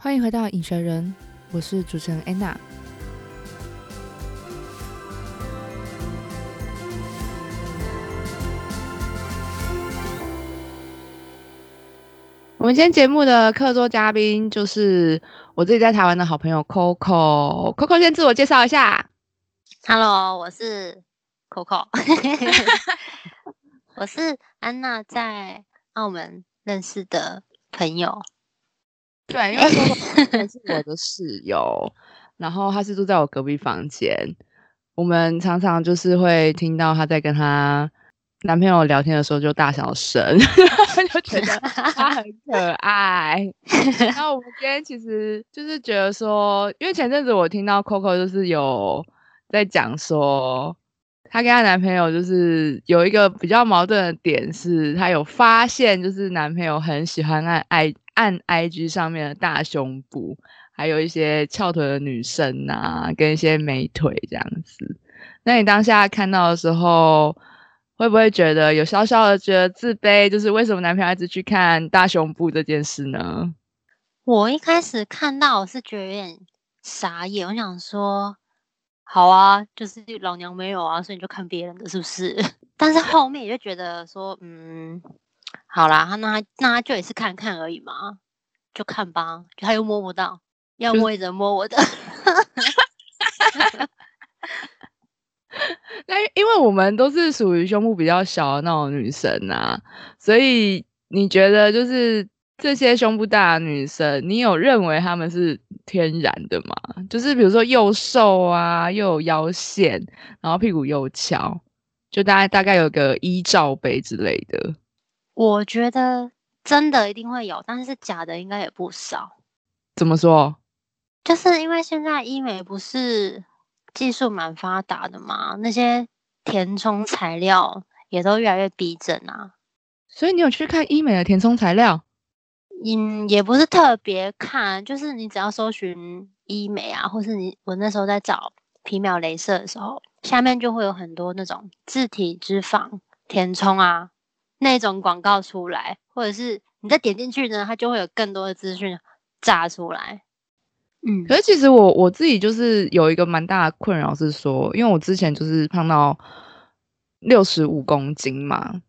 歡迎回到癮學人，我是主持人安娜。 我們今天節目的客座嘉賓就是我自己在台灣的好朋友 Coco，Coco Coco 先自我介紹一下。Hello，我是 Coco， 我是安娜在澳門認識的朋友。對，因為 Coco 是我的室友， 然後他是住在我隔壁房間，我們常常就是會聽到她在跟她男朋友聊天的時候就大小聲， 就覺得他很可愛。 那我們今天其實就是覺得說，因為前陣子我聽到 Coco 就是有在講說，她跟她男朋友就是有一個比較矛盾的點是，是她有發現就是男朋友很喜歡愛愛。按 I G 上面的大胸部，還有一些翹腿的女生啊，跟一些美腿這樣子。那你當下看到的時候，會不會覺得有小小的覺得自卑？就是為什麼男朋友一直去看大胸部這件事呢？我一開始看到我是覺得有點傻眼，我想說，好啊，就是老娘沒有啊，所以你就看別人的是不是？但是後面也就覺得說，嗯。好啦，那他那他就也是看看而已嘛，就看吧。他又摸不到，要摸也得摸我的。就是、 那因為我們都是屬於胸部比較小的那種女生啊，所以你覺得就是這些胸部大的女生，你有認為她們是天然的嗎？就是比如說又瘦啊，又有腰線，然後屁股又翹，就大概大概有個一罩杯之類的。我覺得真的一定會有，但是假的應該也不少。怎麼說？就是因為現在醫美不是技術蠻發達的嘛，那些填充材料也都越來越逼真啊。所以你有去看醫美的填充材料？嗯，也不是特別看，就是你只要搜尋醫美啊，或是你我那時候在找皮秒雷射的時候，下面就會有很多那種自體脂肪填充啊。那種廣告出來，或者是你再點進去呢，它就會有更多的資訊炸出來。嗯，可是其實我我自己就是有一個蠻大的困擾，是說，因為我之前就是胖到六十五公斤嘛，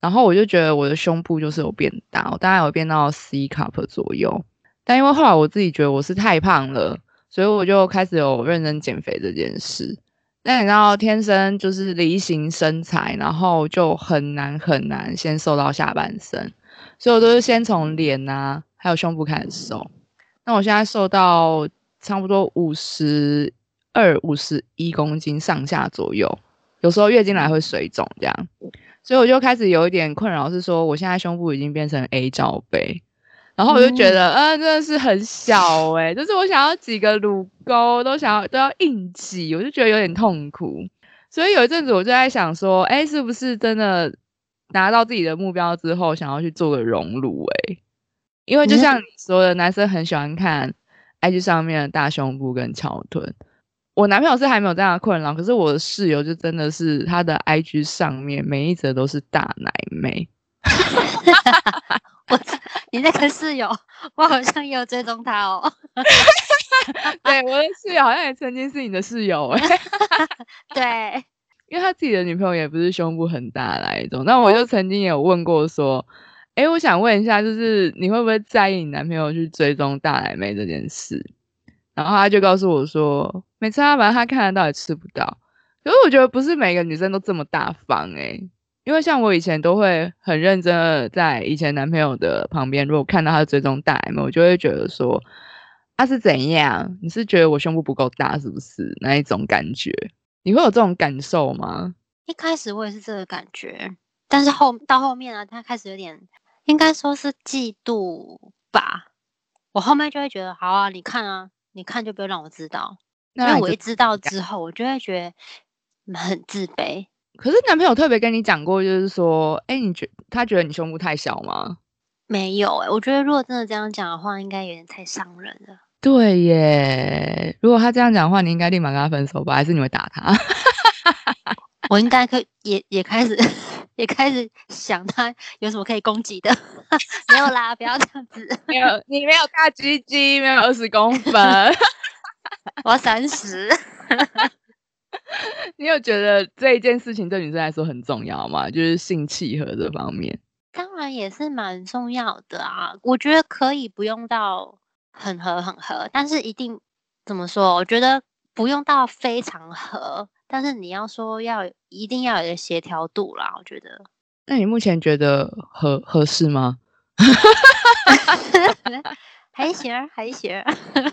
然後我就覺得我的胸部就是有變大，我大概有變到 C cup 左右。但因為後來我自己覺得我是太胖了，所以我就開始有認真減肥這件事。但你知道天生就是梨形身材，然後就很難很難先瘦到下半身，所以我都是先從臉啊，還有胸部開始瘦。那我現在瘦到差不多五十二、五十一公斤上下左右，有時候月經來會水腫這樣，所以我就開始有一點困擾，是說我現在胸部已經變成 A 罩杯。然後我就覺得，嗯，呃、真的是很小哎、欸，就是我想要幾個乳溝都想要都要硬擠，我就覺得有點痛苦。所以有一陣子我就在想說，哎、欸，是不是真的達到自己的目標之後，想要去做個隆乳哎？因為就像你說的，男生很喜歡看 IG 上面的大胸部跟翹臀。我男朋友是還沒有這樣的困擾，可是我的室友就真的是他的 IG 上面每一則都是大奶妹。 我，你那個室友，我好像也有追蹤他哦。 對，我的室友好像也曾經是你的室友哎。 對，因為他自己的女朋友也不是胸部很大那一種。那我就曾經也有問過說，哎、oh. 欸，我想問一下，就是你會不會在意你男朋友去追蹤大奶妹這件事？然後他就告訴我說，沒差，反正他看得到也吃不到。可是我覺得不是每個女生都這麼大方哎。因為像我以前都會很認真的在以前男朋友的旁邊，如果看到他的追蹤大 M，我就會覺得說他、啊、是怎樣？你是覺得我胸部不夠大，是不是那一種感覺？你會有這種感受嗎？一開始我也是這個感覺，但是後到後面啊，他開始有點，應該說是嫉妒吧。我後面就會覺得好啊，你看啊，你看就不用讓我知道，那我一知道之後，我就會覺得很自卑。可是男朋友特別跟你講過，就是說，哎、欸，你覺得他覺得你胸部太小嗎？沒有哎、欸，我覺得如果真的這樣講的話，應該有點太傷人了。對耶，如果他這樣講的話，你應該立馬跟他分手吧？還是你會打他？ 我應該可以也開始也開始想他有什麼可以攻擊的？ 沒有啦， 不要這樣子。沒有，你沒有大雞雞，沒有二十公分， 我要三十。 你有覺得這一件事情對女生來說很重要嗎？就是性契合這方面，當然也是蠻重要的啊。我覺得可以不用到很合很合，但是一定怎麼說？我覺得不用到非常合，但是你要說要一定要有一個協調度啦。我覺得，那你目前覺得合合適嗎？ 還行啊，還行啊。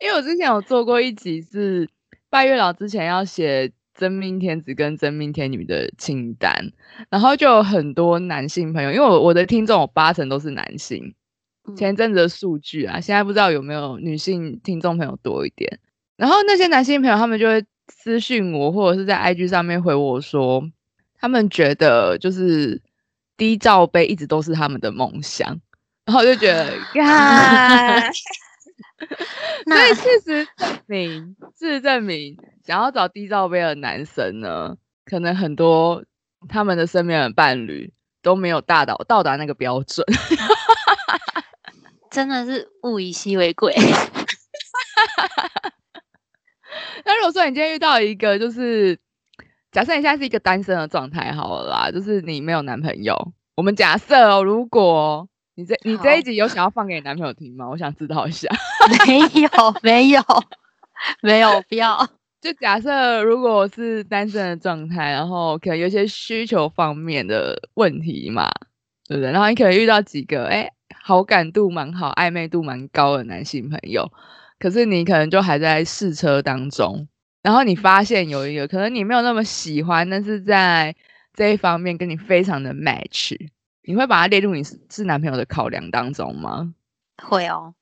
因為我之前有做過一集是。拜月老之前要寫真命天子跟真命天女的清單，然後就有很多男性朋友，因為我我的聽眾有八成都是男性、嗯，前陣子的數據啊，現在不知道有沒有女性聽眾朋友多一點。然後那些男性朋友他們就會私訊我，或者是在 IG 上面回我說，他們覺得就是低罩杯一直都是他們的夢想，然後就覺得，啊。 所以事實證明，事實證明，事實證明，想要找低罩杯的男生呢，可能很多他們的身邊的伴侶都沒有達到到達那個標準。 真的是物以稀為貴。 那如果說你今天遇到一個，就是假設你現在是一個單身的狀態好了，啦，就是你沒有男朋友，我們假設、哦、如果。你這你這一集有想要放給你男朋友聽嗎？我想知道一下。 沒有，沒有，沒有必要。就假設如果我是單身的狀態，然後可能有些需求方面的問題嘛，對不對？然後你可能遇到幾個，哎、欸，好感度蠻好，曖昧度蠻高的男性朋友，可是你可能就還在試車當中。然後你發現有一個，可能你沒有那麼喜歡，但是在這一方面跟你非常的 match。你會把他列入你是男朋友的考量當中嗎？會哦，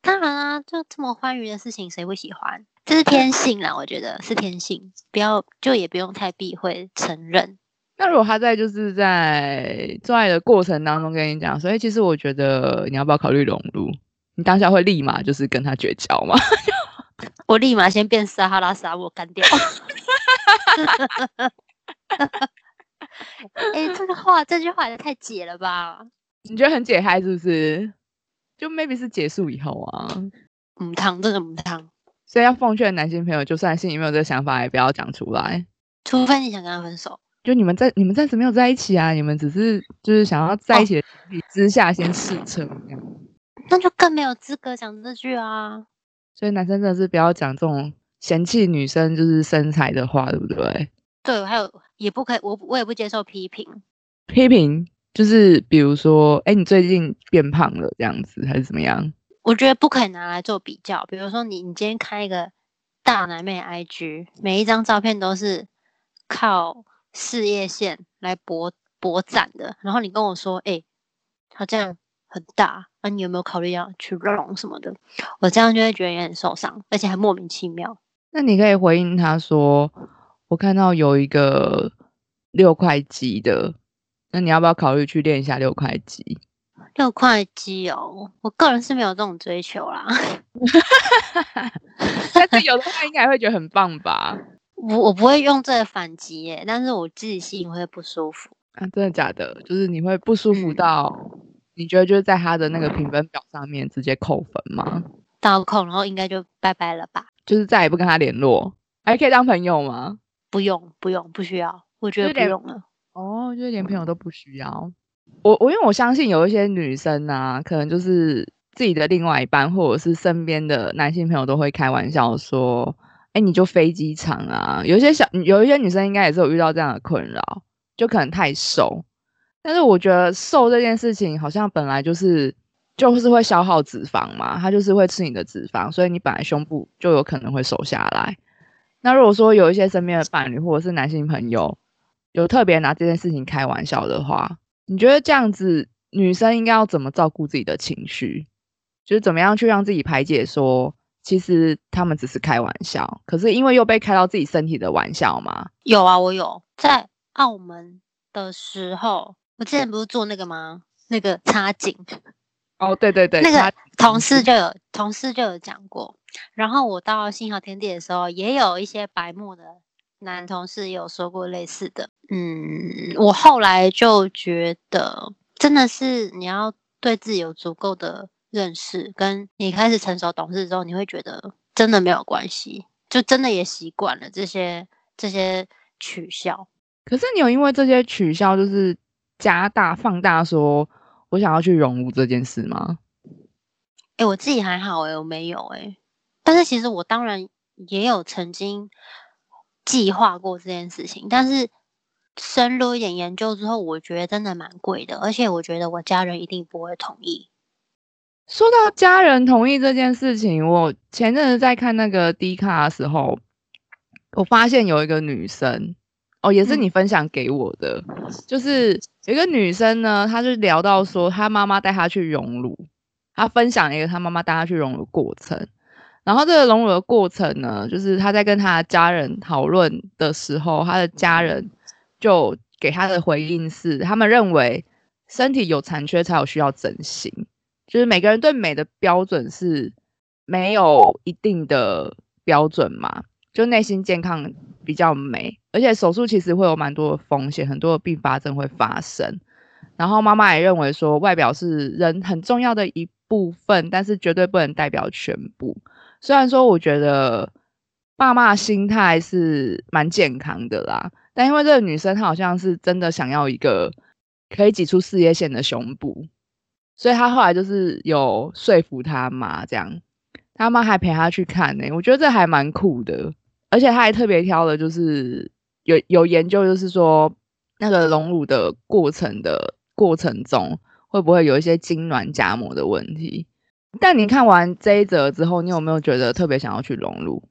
當然啊。就這麼歡愉的事情，誰不喜歡？這是天性啦，我覺得是天性，不要就也不用太避諱承認。那如果他在就是在做愛的過程當中跟你講，所以其實我覺得你要不要考慮融入？你當下會立馬就是跟他絕交嗎？ 我立馬先變撒哈拉沙我乾掉。 哎、欸，這個話， 這句話也太解了吧？你覺得很解開是不是？就 maybe 是結束以後啊？嗯，燙這怎麼燙？所以要奉勸男性朋友，就算心裡沒有這個想法，也不要講出來。除非你想跟他分手。就你們在，你們暫時沒有在一起啊，你們只是就是想要在一起的之下先試車、哦、那就更沒有資格講這句啊！所以男生真的是不要講這種嫌棄女生就是身材的話，對不對？對，還有。也不可以，我我也不接受批評。批評就是，比如說，哎、欸，你最近變胖了，這樣子還是怎麼樣？我覺得不可以拿來做比較。比如說你，你你今天開一個大奶妹 IG，每一張照片都是靠事業線來博博讚的，然後你跟我說，哎、欸，她這樣很大，那、啊、你有沒有考慮要去隆什麼的？我這樣就會覺得也很受傷，而且還莫名其妙。那你可以回應他說。我看到有一個六塊肌的，那你要不要考慮去練一下六塊肌？六塊肌哦，我個人是沒有這種追求啦。 但是有的話，應該會覺得很棒吧？我我不會用這個反擊耶，但是我自己心裡會不舒服啊！真的假的？就是你會不舒服到、嗯、你覺得就是在他的那個評分表上面直接扣分嗎？倒扣，然後應該就拜拜了吧？就是再也不跟他聯絡，還可以當朋友嗎？不用，不用，不需要，我覺得不用了。哦，就連朋友都不需要。嗯、我我因為我相信有一些女生啊，可能就是自己的另外一半，或者是身邊的男性朋友都會開玩笑說：“哎、欸，你就飛機場啊。”有一些小有一些女生應該也是有遇到這樣的困擾，就可能太瘦。但是我覺得瘦這件事情好像本來就是就是會消耗脂肪嘛，它就是會吃你的脂肪，所以你本來胸部就有可能會瘦下來。那如果說有一些身邊的伴侶或者是男性朋友有特別拿這件事情開玩笑的話，你覺得這樣子女生應該要怎麼照顧自己的情緒？就是怎麼樣去讓自己排解說，說其實他們只是開玩笑，可是因為又被開到自己身體的玩笑嗎？有啊，我有，在澳門的時候，我之前不是做那個嗎？那個插頸。哦，對對對，那個同事就有，同事就有講過。然後我到新豪天地的時候，也有一些白目的男同事有說過類似的。嗯，我後來就覺得，真的是你要對自己有足夠的認識，跟你開始成熟懂事之後，你會覺得真的沒有關係，就真的也習慣了這些這些取笑。可是你有因為這些取笑，就是加大放大，說我想要去融入這件事嗎？誒，我自己還好誒，我沒有誒。但是其實我當然也有曾經計劃過這件事情，但是深入一點研究之後，我覺得真的蠻貴的，而且我覺得我家人一定不會同意。說到家人同意這件事情，我前陣子在看那個 D 卡的時候，我發現有一個女生哦，也是你分享給我的、嗯，就是有一個女生呢，她就聊到說她媽媽帶她去隆乳，她分享一個她媽媽帶她去隆乳過程。然後這個隆乳的過程呢，就是他在跟他的家人討論的時候，他的家人就給他的回應是：他們認為身體有殘缺才有需要整形，就是每個人對美的標準是沒有一定的標準嘛，就內心健康比較美。而且手術其實會有蠻多的風險，很多的并發症會發生。然後媽媽也認為說，外表是人很重要的一部分，但是絕對不能代表全部。雖然說我覺得爸媽心態是蠻健康的啦，但因為這個女生她好像是真的想要一個可以擠出事業線的胸部，所以她後來就是有說服她媽這樣，她媽還陪她去看呢、欸。我覺得這還蠻酷的，而且她還特別挑，的就是有有研究，就是說那個隆乳的過程的過程中會不會有一些痙攣夾膜的問題。但你看完這一則之後，你有沒有覺得特別想要去隆乳？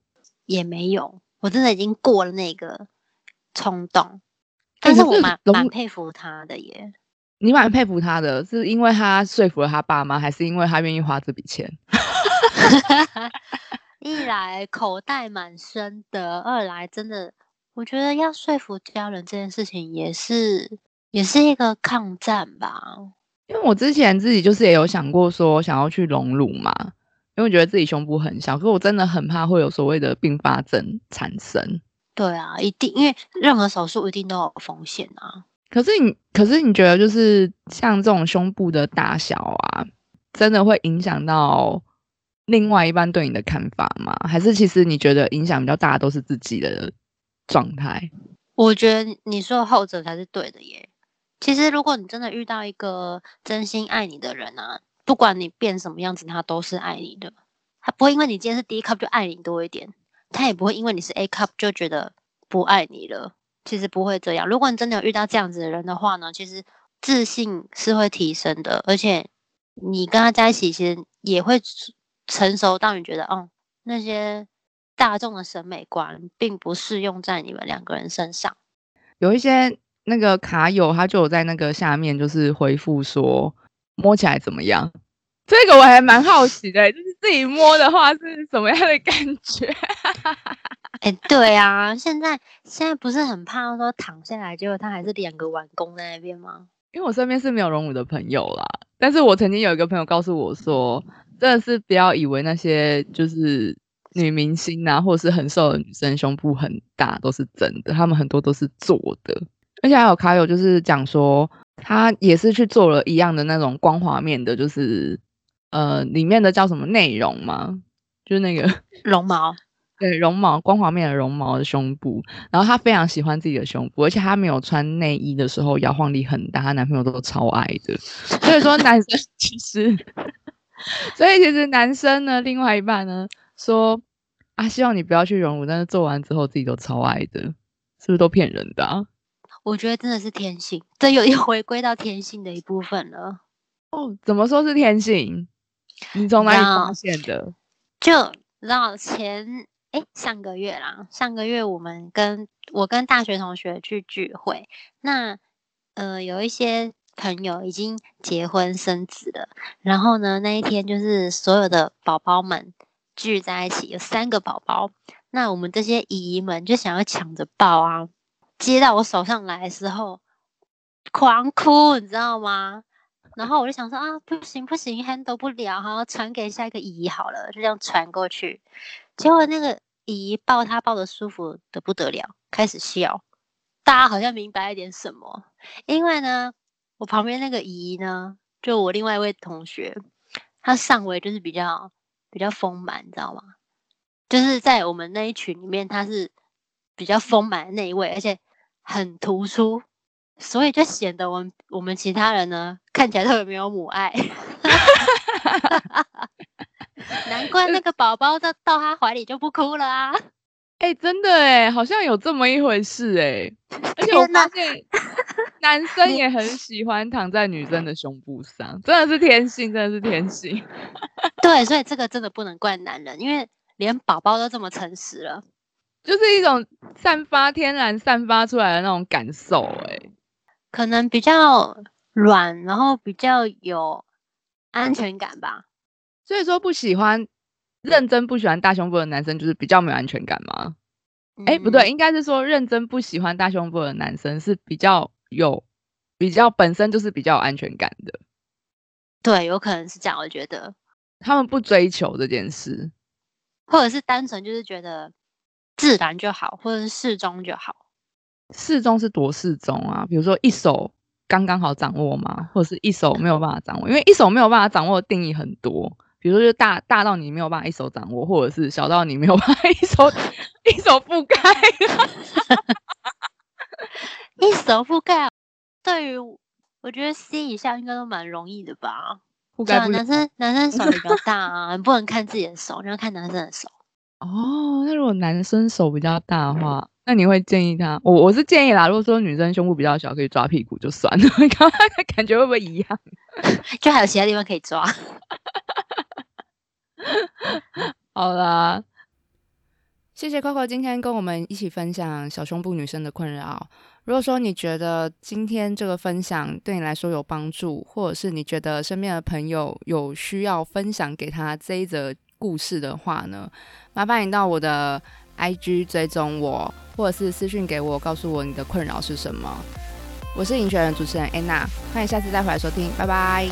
也沒有，我真的已經過了那個衝動。但是我蠻蠻佩服他的耶。你蠻佩服他的，是因為他說服了他爸媽，還是因為他願意花這筆錢？ 一來口袋蠻深的，二來真的，我覺得要說服家人這件事情，也是也是一個抗戰吧。因為我之前自己就是也有想過說想要去隆乳嘛，因為我覺得自己胸部很小，可是我真的很怕會有所謂的併發症產生。對啊，一定，因為任何手術一定都有風險啊。可是你，可是你覺得就是像這種胸部的大小啊，真的會影響到另外一半對你的看法嗎？還是其實你覺得影響比較大的都是自己的狀態？我覺得你說後者才是對的耶。其實，如果你真的遇到一個真心愛你的人啊，不管你變什麼樣子，他都是愛你的。他不會因為你今天是 D cup 就愛你多一點，他也不會因為你是 A cup 就覺得不愛你了。其實不會這樣。如果你真的有遇到這樣子的人的話呢，其實自信是會提升的，而且你跟他在一起，其實也會成熟到你覺得，哦，那些大眾的審美觀並不適用在你們兩個人身上，有一些。那個卡友他就有在那個下面，就是回復說，摸起來怎麼樣？這個我還蠻好奇的，就是自己摸的話是什麼樣的感覺？哎、 欸，對啊，現在現在不是很怕說躺下來，結果他還是兩個碗公在那邊嗎？因為我身邊是沒有隆乳的朋友啦，但是我曾經有一個朋友告訴我說，真的是不要以為那些就是女明星啊，或者是很瘦的女生胸部很大都是真的，他們很多都是做的。而且還有卡友就是講說，她也是去做了一樣的那種光滑面的，就是呃裡面的叫什麼內容嘛，就是那個絨毛， 對，絨毛光滑面的絨毛的胸部。然後她非常喜歡自己的胸部，而且她沒有穿內衣的時候搖晃力很大，她男朋友都超愛的。所以說男生其實， 所以其實男生呢，另外一半呢說啊，希望你不要去隆乳，但是做完之後自己都超愛的，是不是都騙人的？啊？我覺得真的是天性，這又又回歸到天性的一部分了。哦，怎麼說是天性？你從哪裡發現的？然後就到前誒上個月啦，上個月我們跟我跟大學同學去聚會，那呃有一些朋友已經結婚生子了，然後呢那一天就是所有的寶寶們聚在一起，有三個寶寶，那我們這些姨姨們就想要搶着抱啊。接到我手上來的時候，狂哭，你知道嗎？然後我就想說啊，不行不行，handle 不了，好，傳給下一個姨好了，就這樣傳過去。結果那個姨抱他抱得舒服得不得了，開始笑，大家好像明白了一點什麼。因為呢，我旁邊那個姨呢，就我另外一位同學，她上圍就是比較比較豐滿，你知道嗎？就是在我們那一群裡面，她是比較豐滿的那一位，而且。很突出，所以就顯得我們我們其他人呢，看起來特別沒有母愛。 難怪那個寶寶到到他懷裡就不哭了啊！哎、欸，真的哎，好像有這麼一回事哎。而且我發現男生也很喜歡躺在女生的胸部上，真的是天性，真的是天性。 對，所以這個真的不能怪男人，因為連寶寶都這麼誠實了。就是一種散發天然散發出來的那種感受，欸，哎，可能比較軟，然後比較有安全感吧。所以說不喜歡認真不喜歡大胸部的男生，就是比較沒有安全感嗎？哎、嗯、欸，不對，應該是說認真不喜歡大胸部的男生是比較有，比較本身就是比較有安全感的。對，有可能是這樣，我覺得他們不追求這件事，或者是單純就是覺得。自然就好，或者是適中就好。適中是多適中啊？比如說一手剛剛好掌握嗎？或者是一手沒有辦法掌握？因為一手沒有辦法掌握的定義很多，比如說就大大到你沒有辦法一手掌握，或者是小到你沒有辦法一手 一手覆蓋。一手覆蓋，對於我覺得 C 以下應該都蠻容易的吧？對 啊，男生男生手比較大啊， 你不能看自己的手，你要看男生的手。哦，那如果男生手比較大的話，那你會建議他？我我是建議啦，如果說女生胸部比較小，可以抓屁股就算了。 感覺會不會一樣？就還有其他地方可以抓。 好啦，謝謝 Coco 今天跟我們一起分享小胸部女生的困擾。如果說你覺得今天這個分享對你來說有幫助，或者是你覺得身邊的朋友有需要，分享給他這一則。故事的話呢，麻煩你到我的 IG 追蹤我，或者是私訊給我，告訴我你的困擾是什麼。我是癮學人主持人 Anna，歡迎下次再回來收聽，拜拜。